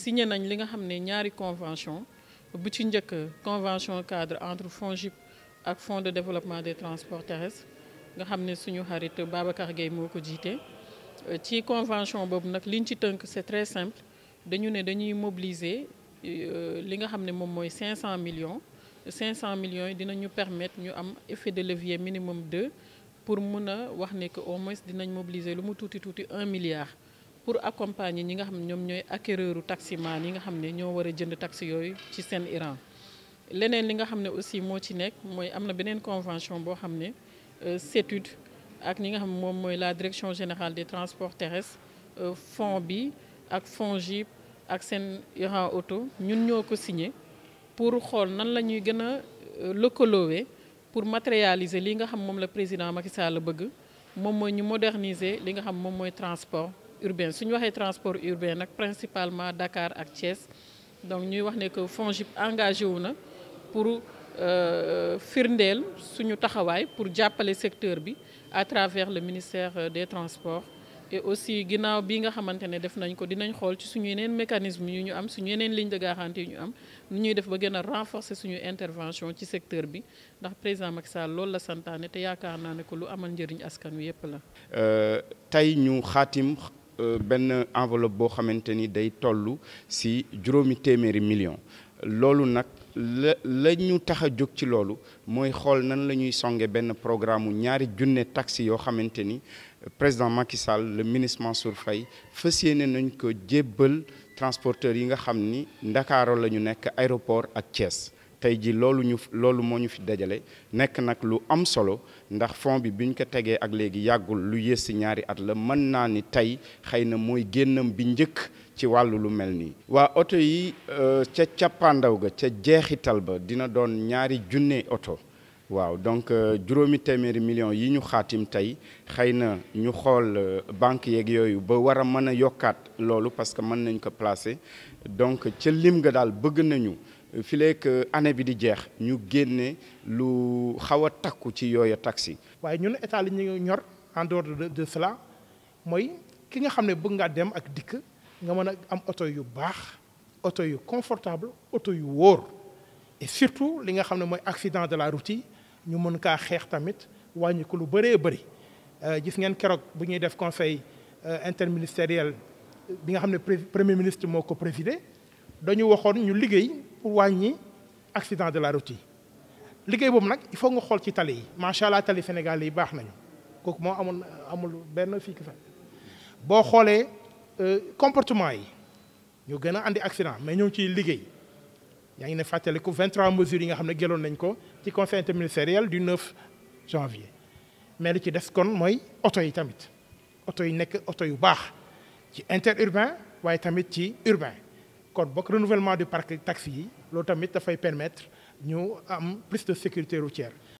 signé avons li nga xam convention bu ci le convention cadre entre FONGIP ak fonds de développement des transports terrestres nga signé une suñu xarit convention qui est c'est très simple Nous avons dañuy mobiliser euh, li 500 millions 500 millions nous dinañu permettre ñu am effet de levier minimum 2 pour que au moins mobiliser 1 milliard pour accompagner ñi nga xam ne ñoom ñooy taxi. taximan yi nga xam ne ñoo jënd taxi yooyu ci seen Iran leneen li nga xam aussi moo ci nekk mooy am na beneen convention boo xam ne euh, ak ñi nga xam moom mooy la direction générale des transports terrestres euh, fonds bi ak FONGIP ak seen Iran Auto ñun ñoo ko pour xool nan la ñuy gën euh, pour matérialiser li nga xam moom la président Macky Sall la bëgg moom mooy ñu moderniser li nga xam moom mooy transport urbain su ñu transport urbain nak, principalement Dakar ak Thiès donc ñuy wax ne que FONGIP engagé wu na pour euh, firndeel suñu pour pour jàppale secteur bi à travers le ministère euh, des transports et aussi ginaaw bi nga xamante ne def nañ ko dinañ xol ci suñu yeneen mécanisme yu ñu am suñu yeneen ligne de garantie ñu am ñuy def ba gëna renforcer suñu intervention ci secteur bi ndax président Macky Sall loolu la santaane te yaakaar naa ne ko lu amal njëriñ askan wi yépp la. Euh, tay ñu xaatim ben enveloppe bo xamanteni day tollu si juróomi téeméeri million lolu nak lañu la ñu ci lolu moy xol nan lañuy songé songe programme ñaari junne taxi yo xamanteni président Macky Sall le ministre Mansour Faye fas nañ ko jébbal transporteur yi nga xamni ni lañu nek aéroport ak Thiès. tey ji loolu ñu loolu moo ñu fi dajale nekk nag lu am solo ndax fond bi bi ñu ko tegee ak léegi yàggul lu yées si ñaari at la mën naa ni tey xëy na mooy génnam bi njëkk ci wàllu lu mel nii waa oto yi euh, ca cappaandaw ga ca jeexital ba dina doon ñaari junne oto waaw donc euh, juróomi téeméeri millions yi ñu xaatim tey xëy na ñu xool euh, banque yeeg yooyu ba war a mën a yokkaat loolu parce que mën nañ ko placer donc ca lim nga daal bëgg nañu que euh, année bi di jeex ñu génné lu xawa takku ci yooya taxi. waye ñun état li ñu ñor en dehors de cela moy ki nga xamné bëgg nga dem ak dikk nga mëna am auto yu bax auto yu confortable auto yu wóor et surtout li nga xamné moy accident de la route ñu mën ka xex tamit wàññi ko lu bëré bëri euh, gis ngeen kérok bu ñuy def conseil euh, interministériel bi nga xamné premier ministre moko ko nous avons ñu pour accident de la route il faut nga ci tali allah Sénégal nañu amul amul benn euh, comportement yi ñu a andi accident mais ne 23 mesures yi nga xam ne conseil interministériel du 9 janvier mais li ci des kon mooy oto yi tamit interurbain urbain kon bokk renouvellement du parc taxi yi loolu tamit dafay permettre ñu am plus de sécurité routière